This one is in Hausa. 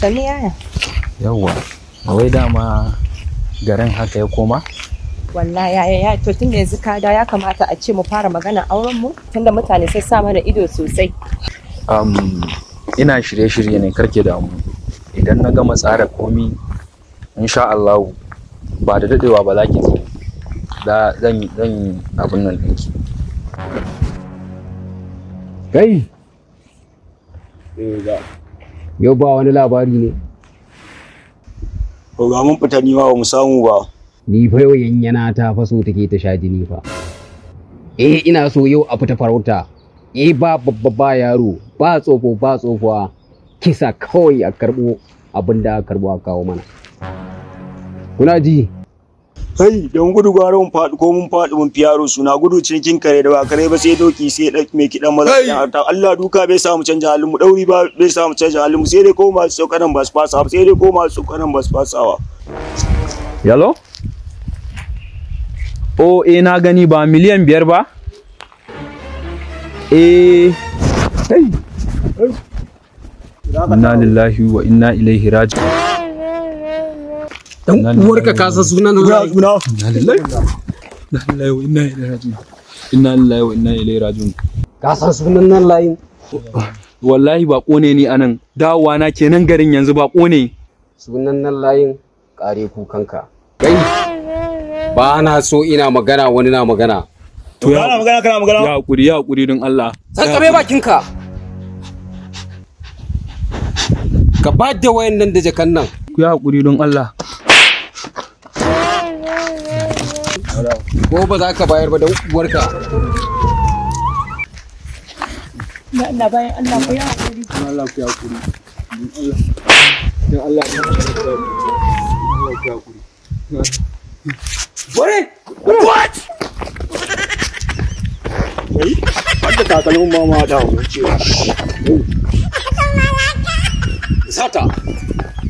Sani Yawwa, wai dama garin haka ya koma? Wallahi yaya ya to tunda yanzu ka da ya kamata a ce mu fara magana auren mu tunda mutane sai sa mana ido sosai. Um, ina shirye-shirye ne karke damu. Idan na gama tsara komi insha Allah ba da dadewa ba za ki ji. Da zan zan abin nan ɗinki. Kai. Eh yau ba wani labari ne ba ga mun fita ni ba mu samu ba ni fa yau yanyana ta faso take ta sha jini fa eh ina so yau a fita farauta eh ba babba ba yaro ba tsofo ba tsofuwa kisa kawai a karbo abin da a karbo a kawo mana kuna ji Kai don gudu gwara mun faɗi ko mun faɗi mun fi yaro suna gudu cinikin kare da ba kare ba sai doki sai da mai kiɗan maza ta Allah duka bai samu canja halin mu dauri ba bai samu canja halin mu sai dai ko masu saukanan ba su fasa sai dai ko masu saukanan ba su fasawa yalo o eh na gani ba miliyan biyar ba eh hey. inna lillahi wa inna ilaihi raji'un dan uwarka ka san sunan Allah inna lillahi wa inna ilaihi raji'un inna lillahi wa inna ilaihi raji'un ka san sunan layin wallahi ba kone ni anan dawowa na kenan garin yanzu layin kare ba na so ina magana wani na magana ya magana kana magana ya ya Allah bakinka ka ba da wayannan da jakan nan ku ya don Allah ko ba za ka bayar ba da uwarka na bayan Allah ku Allah ku Allah da